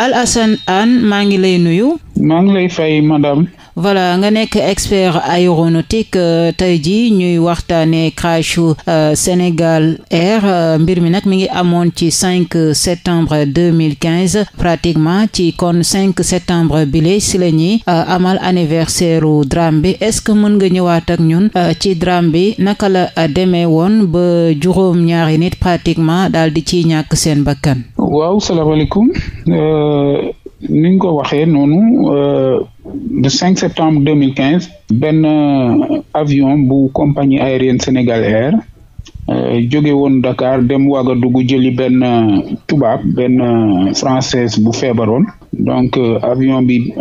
Al Hassane Hanne maa ngi lay nuyu maa ngi lay voilà nga nekk expert aéronautique euh, tey jii ñuy waxtaanee crash euh, Sénégal Air euh, mbir mi nag mi ngi amoon ci 5 septembre 2015 pratiquement ci kon 5 septembre bile si la ñuy amal anniversaire u drame bi est-ce que mën nga ñëwaat ak ñun ci drame bi naka la demee woon ba juróom ñaari nit pratiquement daal di ciy ñàkk seen bakkan. ni ñu ko waxee noonu euh, le 5 septembre 2015 benn euh, avion bu compagnie aérienne Sénégal Air euh, jóge woon Dakar dem Ouagadougou jëli benn tubaab benn française bu feebaroon donc avion bi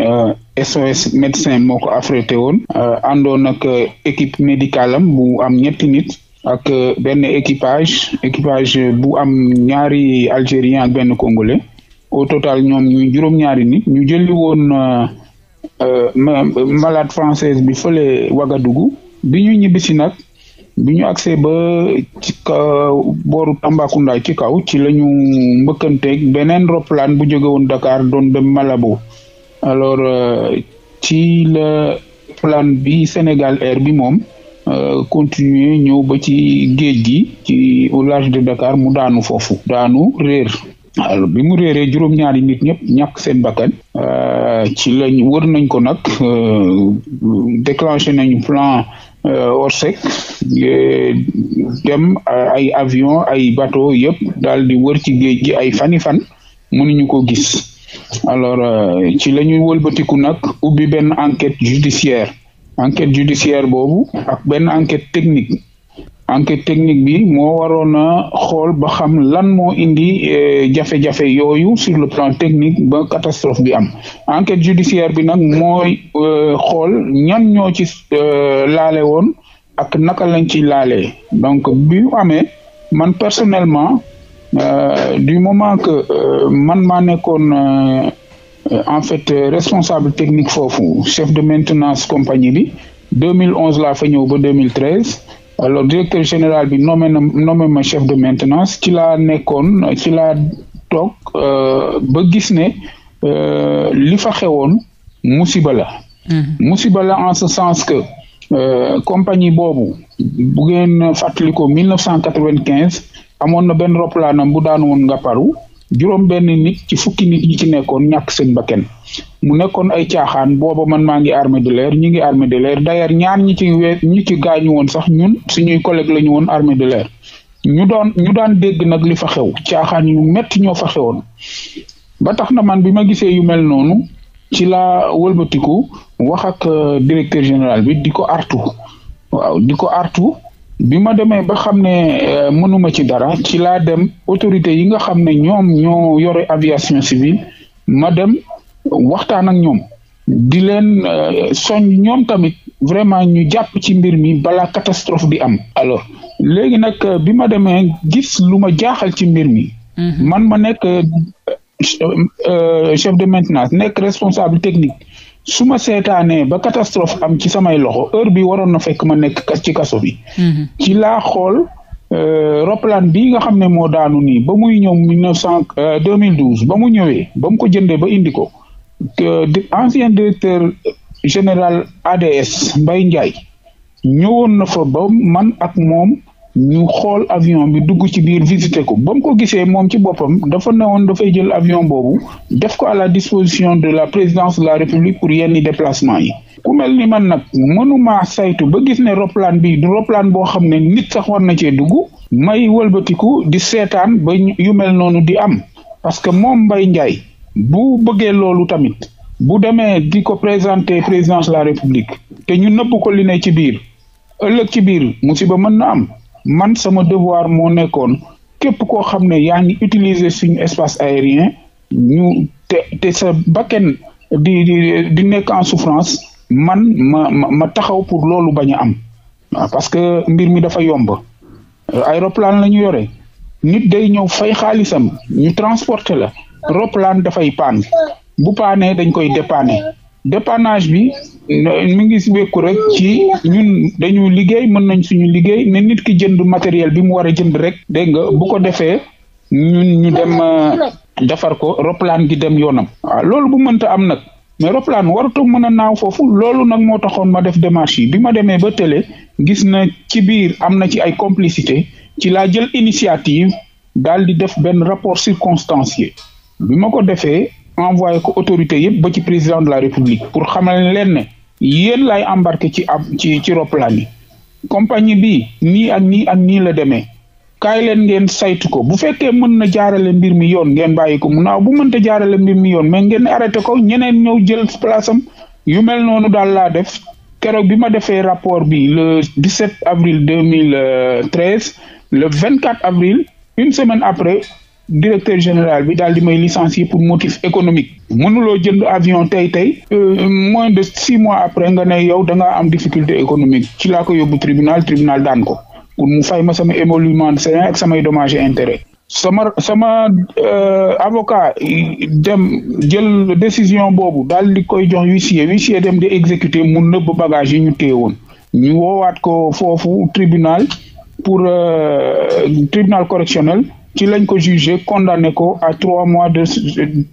SOS médecin moo ko affrété woon àndoon ak équipe médicale bu am ñetti nit ak benn équipage équipage bu am ñaari algérien ak benn congolais au total ñoom ñuy juróom-ñaari nit ñu jëli woon euh, euh, malade française bi fële Ouagadougou bi ñu ñibbisi nag bi ñu agsee ba ci booru Tambacounda ci kaw ci la ñu mbëkkanteeg beneen roplaan bu jóge woon Dakar doon dem Malabo alors euh, ci la plan bi Sénégal Air bi moom continuer ñëw ba ci géej gi ci au large de Dakar mu daanu foofu daanu réer alors bi mu réeree juróom-ñaari nit ñëpp ñàkk seen bakkan euh, ci lañ wër nañ ko nag euh, déclenché nañu plan euh, Orsec dem ay avion ay bateau yëpp daal di wër ci géej gi ay fani fan mënuñu ko gis alors ci la ñuy wëlbatiku nag ubbi benn enquête judiciaire enquête judiciaire boobu ak benn enquête technique enquête technique bi moo waroon a xool ba xam lan moo indi euh, jafe-jafe yooyu sur le plan technique ba catastrophe bi am enquête judiciaire bi nag mooy euh, xool ñan ñoo ci euh, laale woon ak naka lañ ci laalee donc bi amee man personnellement euh, du moment que euh, man maa nekkoon euh, en fait responsable technique foofu chef de maintenance compagnie bi 2011 laa fa ñëw ba 2013. alors directeur général bi nommé na nommé ma chef de maintenance ci laa nekkoon ci laa toog euh, ba gis ne euh, li fa xewoon musiba la. Mm-hmm. musiba la en ce sens que euh, compagnie boobu bu ngeen fàttalikoo 1995 amoon na benn roplaanam bu daan woon nga paru juróom ci fukki nit yi ci nekkoon ñàkk seen bakkan. mu nekkoon ay caaxaan booba man maa ngi armée de ñu ngi armée de l'air d'ailleurs ñaar ñi ci wee ñi ci gaañu woon sax ñun suñuy collègue la ñu woon armée de l'air ñu doon ñu daan dégg nag li fa xew caaxaan yu metti ñoo fa xewoon ba tax na man bi ma gisee yu mel noonu ci la wëlbatiku wax ak euh, directeur général bi di ko artu waaw di ko artu bi ma demee ba xam ne euh, mënuma ci dara ci laa dem autorité yi nga xam ne ñoom ñoo yore aviation civile ma dem waxtaan ak ñoom di leen euh, soññ ñoom tamit vraiment ñu jàpp ci mbir mi balaa catastrophe bi am alors léegi nag euh, bi ma demee gis lu ma jaaxal ci mbir mi mhm. man ma nekk euh, chef de maintenance nekk responsable technique su ma seetaanee ba catastrophe am ci samay loxo heure bi waroon na fekk ma nekk ci kaso bi mhm. ci laa xool roplaan bii nga xam ne moo daanu nii ba muy ñëw mille neuf cent deux mille douze ba mu ñëwee ba mu ko jëndee ba indi ko de ancien directeur général ADS Mbaye njaay ñëwoon na fa ba man ak moom ñu xool avion bi dugg ci biir visiter ko ba mu ko gisee moom ci boppam dafa newoon dafay jël avion boobu def ko à la disposition de la présidence de la république pour yenn déplacement yi ku mel ni man nag mënumaa saytu ba gis ne roplaan bi du roplaan boo xam ne nit sax war na cee dugg may walbatiku di seetaan ba yu mel noonu di am parce que moom mbay Ndiaye bu bëggee loolu tamit bu demee di ko présenter présidence de la république te ñu nëpp ko li ne ci biir ëllëg ci biir musiba mën na am man sama devoir moo nekkoon képp koo xam ne yaa ngi utiliser suñu espace aérien ñu te te sa bakken di di nekk en souffrance man ma ma, ma taxaw pour loolu bañ a am ah, parce que mbir mi dafa yomb aéroplane la ñu yore nit day ñëw fay xaalisam ñu transporter la roplaan dafay paan bu paanee dañ koy dépanner dépannage bi mi ngi si wékku rek ci ñun dañu liggéey mën nañ suñu liggéey ne nit ki jënd matériel bi mu war a jënd rek dégg nga bu ko defee ñun ñu dem euh, defar ko roplaan gi dem yoonam waaw loolu bu mënta am nag mais roplaan waratu mën a naaw foofu loolu nag moo taxoon ma def démarche yi bi ma demee ba télé gis na ci biir am na ci ay complicité ci laa jël initiative daal di def benn rapport circonstancié bi ma ko defee envoyé ko autorité yëpp ba ci président de la république pour xamal leen ne yéen laay embarqué ci ab ci ci roplaan yi compagnie bi nii ak nii ak nii la demee kaay leen ngeen saytu ko bu fekkee mën na jaarale mbir mi yoon ngeen bàyyi ko mu naaw bu mënta jaarale mbir mi yoon mais ngeen arrêté ko ñeneen ñëw jël place am yu mel noonu daal laa def keroog bi ma defee rapport bi le 17 avril 2013 euh, le 24 avril une semaine après directeur général bi daal di may licencier pour motif économique mënuloo jënd avion tey tey euh, moins de six mois après nga ne yow da am difficulté économique ci laa ko yóbbu tribunal tribunal daan ko pour mu fay ma sama émolument de ak samay dommages et sama sama euh, avocat dem jël décision boobu daal di koy jox huissier huissier dem di exécuter mu nëbb bagage yi ñu téye woon ñu woowaat ko foofu tribunal pour euh, tribunal correctionnel ci lañ ko jugé condamné ko à trois mois de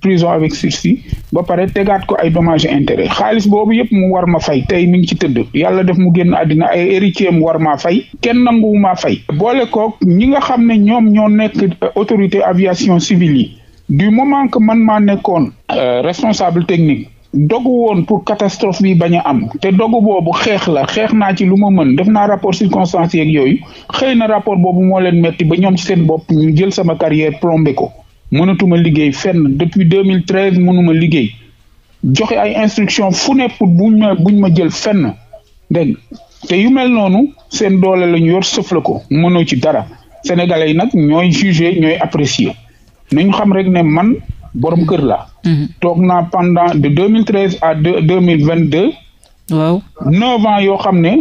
prison avec sursis ba pare tegaat ko ay dommages intérêt xaalis boobu yëpp mu war ma fay tey mi ngi ci tëdd yàlla def mu génn àddina ay héritier mu war maa fay kenn nanguwu maa fay boole ko ñi nga xam ne ñoom ñoo nekk euh, autorité aviation civile yi du moment que man maa nekkoon euh, responsable technique dogu woon pour catastrophe bi bañ a am te dogu boobu xeex la xeex naa ci lu ma mën def naa rapport circonstance yeeg yooyu xëy na rapport boobu moo leen metti ba ñoom ci seen bopp ñu jël sama carrière plombé ko mënatuma liggéey fenn depuis 2013 mënuma liggéey joxe ay instruction fu ne pour buñ ma buñ ma jël fenn dégg te yu mel noonu seen dooleel la ñu yor sëf la ko mënoo ci dara sénégalais yi nag ñooy jugé ñooy apprécier nañu xam rek ne man borom kër la mhm. toog naa pendant de 2013 à deux 2022 waaw neuf ans yoo xam ne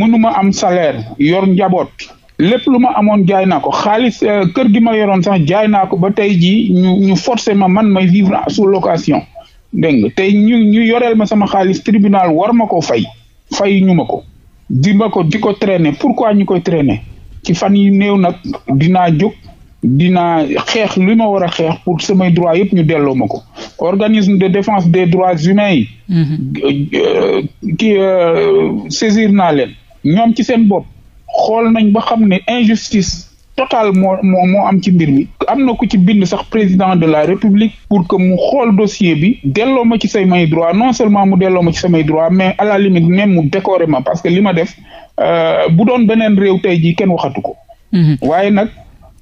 mënuma am salaire yor njaboot lépp lu ma amoon jaay naa ko xaalis euh, kër gi ma yoroon sax jaay naa ko ba tey ji ñu ñu forcé ma man may vivre sous location dégg nga tey ñu ñu yoreel ma sama xaalis tribunal war ma ko fay fay ñu ma ko di ma ko di ko traîner pourquoi ñu koy traîner ci fan yi néew nag dinaa jóg dinaa xeex li ma war a xeex pour samay droit yëpp ñu delloo ma ko organisme de défense des droits humains yi mm-hmm. ki euh, saisir naa leen ñoom ci seen bopp xool nañ ba xam ne injustice total moo moo am ci mbir mi am na ku ci bind sax président de la république pour que mu xool dossier bi delloo ma ci samay droit non seulement mu delloo ma ci samay droit mais à la limite même mu décorer ma parce que li ma def euh, bu doon beneen réew tey jii kenn waxatu ko mm-hmm. waaye nag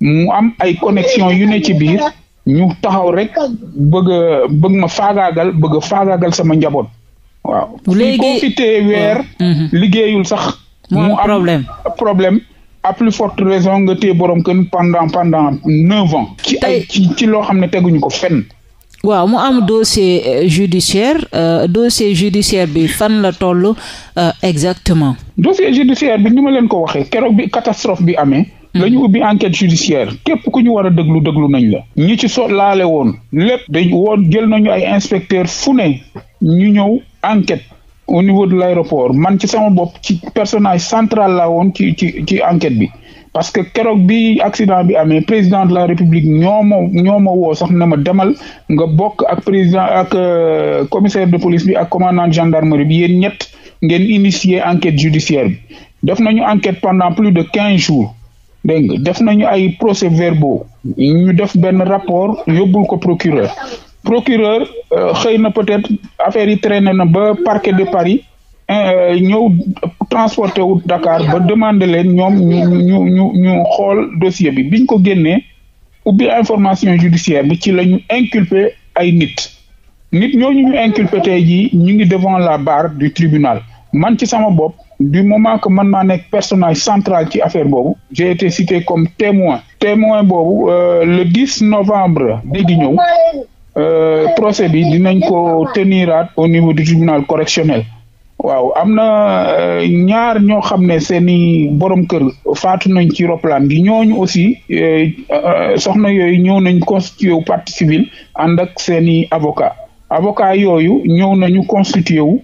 mu am ay connexion yu ne ci biir ñu taxaw rek bëgg bëgg ma faagaagal bëgg faagaagal sama njaboot. waaw léegi mm. mm-hmm. sax. mu am problème problème. à plus borom kën pendant pendant neuf ci ay ci ci loo xam ne teguñu ko fenn. waaw mu am dossier euh, judiciaire euh, dossier judiciaire bi fan la toll euh, exactement. dossier judiciaire bi ni ma leen ko waxee keroog bi catastrophe bi amee. lañu hmm. ubbi enquête judiciaire képp ku ñu war a déglu déglu nañ la ñi ci so laale woon lépp dañ woon jël nañu ay inspecteur fu ne ñu ñëw enquête au niveau de l'aéroport man ci sama bopp ci personnage central la woon ci ci ci enquête bi parce que keroog bi accident bi amee président de la république ñoo ma ñoo ma woo sax na ma demal nga bokk ak président ak euh, commissaire de police bi ak commandant gendarmerie bi yéen ñett ngeen initier enquête judiciaire bi def nañu enquête pendant plus de quinze jours dégg nga def nañu ay procès verbaux ñu def benn rapport yóbbul ko procureur procureur euh, xëy na peut-être affaire yi traîné na ba parquet de Paris euh, euh, ñëw euh, transporté wu Dakar ba demandé leen ñoom ñu ñu ñu xool dossier bi biñ ko génnee ubbi information judiciaire bi ci la ñu inculpé ay nit nit ñooñu ñu inculpé tey jii ñu ngi devant la bar du tribunal man ci sama bopp du moment que man maa nekk personage central ci affaire boobu j'ai été cité comme témoin témoin boobu euh, le 10 novembre bi di ñëw euh, procès bi dinañ ko teniraat au niveau du tribunal correctionnel waaw am na euh, ñaar ñoo xam ne seeni borom kër faatu nañ ci roplaan gi ñooñu aussi euh, soxna yooyu ñëw nañ constitué wu parti civile ànd ak seeni avocat avocat yooyu ñëw nañu constitué wu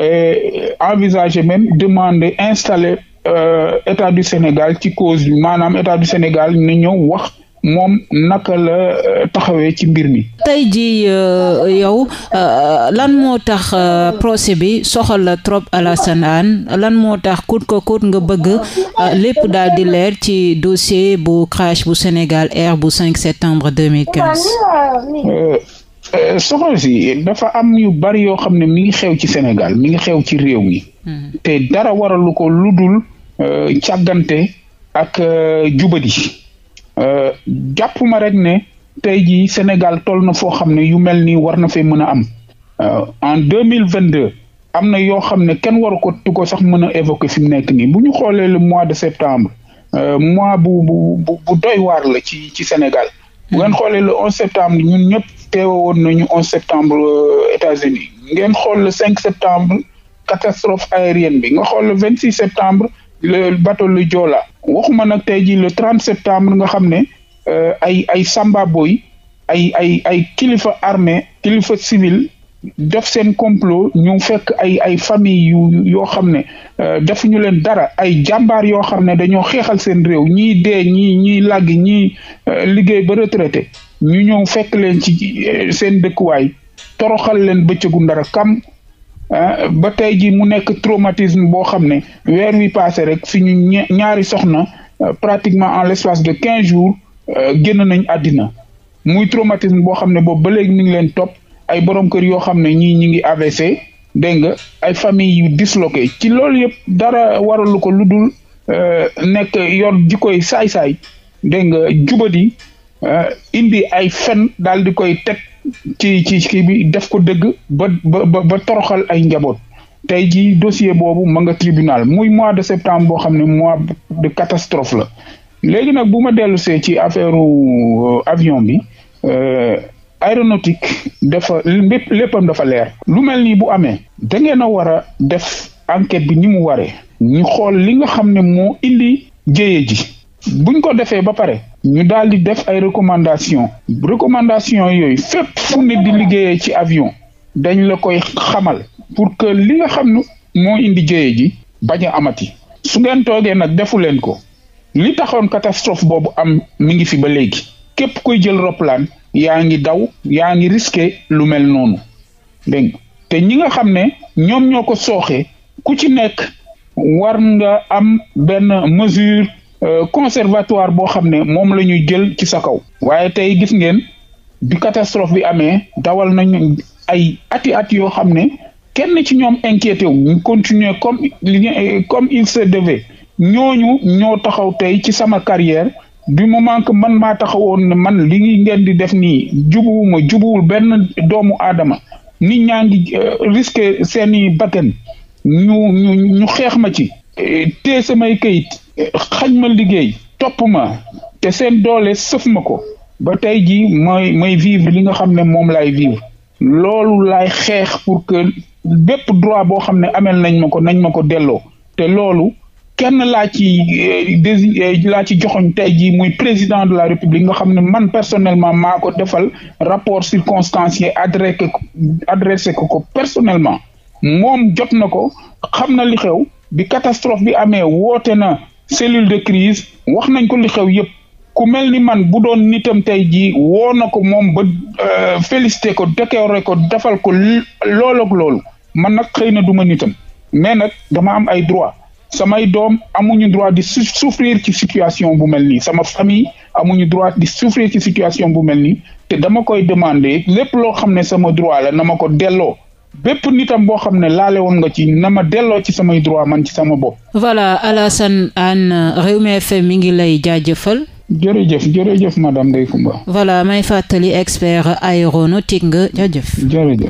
et envisager même demander installer euh, état du Sénégal ci cause bi maanaam état du Sénégal ni ñëw wax moom naka la euh, taxawee ci mbir mi. tey jii euh, yow lan moo tax procès bi soxal la trop Alassane Hann lan moo tax kut ko kut nga bëgg lépp daal di leer ci dossier bu crash bu Sénégal Air bu 5 septembre 2015. Euh, soxna si dafa am yu bari yoo xam ne mi ngi xew ci senegal mi ngi xew ci réew mi. Hmm. te dara waralu ko lu dul euh, càggante ak euh, jubadi jàpp ma rek ne tey jii Sénégal toll na foo xam ne yu mel nii war na fee mën a am. en deux mille vingt deux am na yoo xam ne kenn waru ko tu ko sax mën a évoquer fi mu nekk nii bu ñu xoolee le mois de septembre mois bu bu bu doy waar ci ci Sénégal. bu ngeen xoolee le 11 septembre ñun ñëpp teewoon nañu 11 septembre euh, États-Unis ngeen xool le cinq septembre catastrophe aérienne bi nga xool le 26 septembre le bateau le Joola waxuma nag te jii le trente septembre nga xam ne euh, ay ay Samba Boy ay ay ay kilifa armée kilifa civil def seen complot ñu fekk ay ay famille yu yoo xam ne euh, defuñu leen dara ay jàmbaar yoo xam ne dañoo xeexal seen réew ñii dee ñi ñii làgg ñii euh, liggéey ba retraité ñu ñëw fekk leen ci euh, seen dëkkuwaay toroxal leen bëccëgu ndara kam ba tey ji mu nekk traumatisme boo xam ne weer wi passé rek suñu ñaari soxna pratiquement en l'espace de quinze jours génn nañ àddina muy traumatisme boo xam ne boobu ba léegi mi ngi leen topp ay borom kër yoo xam ne ñii ñi ngi AVC dégg nga ay famille yu disloqué ci loolu yëpp dara waralu ko lu dul euh, nekk yor koy saay-saay dégg nga jubadi euh, indi ay fen daal di koy teg ci ci kii bi def ko dëgg ba ba toroxal ay njaboot tey jii dossier boobu ma nga tribunal muy mois de septembre boo xam ne mois de catastrophe la léegi nag bu ma dellu see ci affaire euh, avion bi. aéronautique dafa lépp léppam dafa leer lu mel nii bu amee da ngeen a war a def enquête bi ni mu waree ñu xool li nga xam ne moo indi jéye ji buñ ko defee ba pare ñu daal di def ay recommandation recommandation yooyu fépp fu nit di liggéeyee ci avion dañu la koy xamal pour que li nga xam ne moo indi jéye ji bañ a amati su ngeen toogee nag defu leen ko li taxoon catastrophe boobu am mi ngi fi ba léegi képp kuy jël roplaan yaa ngi daw yaa ngi risqué lu mel noonu dégg te ñi nga xam ne ñoom ñoo ko sooxee ku ci nekk war nga am benn mesure euh, conservatoire boo xam ne moom la ñuy jël ci sa kaw waaye tey gis ngeen bi catastrophe bi amee dawal nañ ay ati at yoo xam ne kenn ci ñoom inquiété wu ñu continuer comme euh, comme il se devait ñooñu ñoo taxaw tey ci sama carrière du moment que man maa taxawoon ne man li ngi ngeen di def nii jubuwuma jubuwul benn doomu aadama ni ñaa ngi euh, risqué seeni bakkan ñu ñu xeex ma ci te samay kayit xaj ma liggéey topp ma te seen doole sëf ma ko ba tey ji mooy mooy vivre li nga xam ne moom laay vivre loolu lay xeex pour que bépp droit boo xam ne amel nañ ma ko nañ ma ko delloo te loolu kenn laa ci euh, dési euh, laa ci joxoñ tey jii muy président de la république nga xam ne man personnellement maa ko defal rapport circonstancié adressé ko adressé ko ko personnellement moom jot na ko xam na li xew bi catastrophe bi amee woote na cellule de crise wax nañ ko li xew yëpp ku mel ni man bu doon nitam tey jii woo na ko moom ba euh, félicité ko décoré ko defal ko loolu ak loolu man nag xëy na du ma nitam mais nag dama am ay droit samay doom amuñu droit di souffrir ci situation bu mel nii sama famille amuñu droit di souffrir ci situation bu mel nii te dama koy demander lépp loo xam ne sama droit la na ma ko delloo bépp nitam boo xam ne laale woon nga ci na ma delloo ci samay droit man ci sama bopp. voilà Alassane Hann Rewmi FM mi ngi lay jaajëfal. jërëjëf jërëjëf madame Ndeye Comba. voilà may fàttali expert aéronautique nga jaajëf. jërëjëf.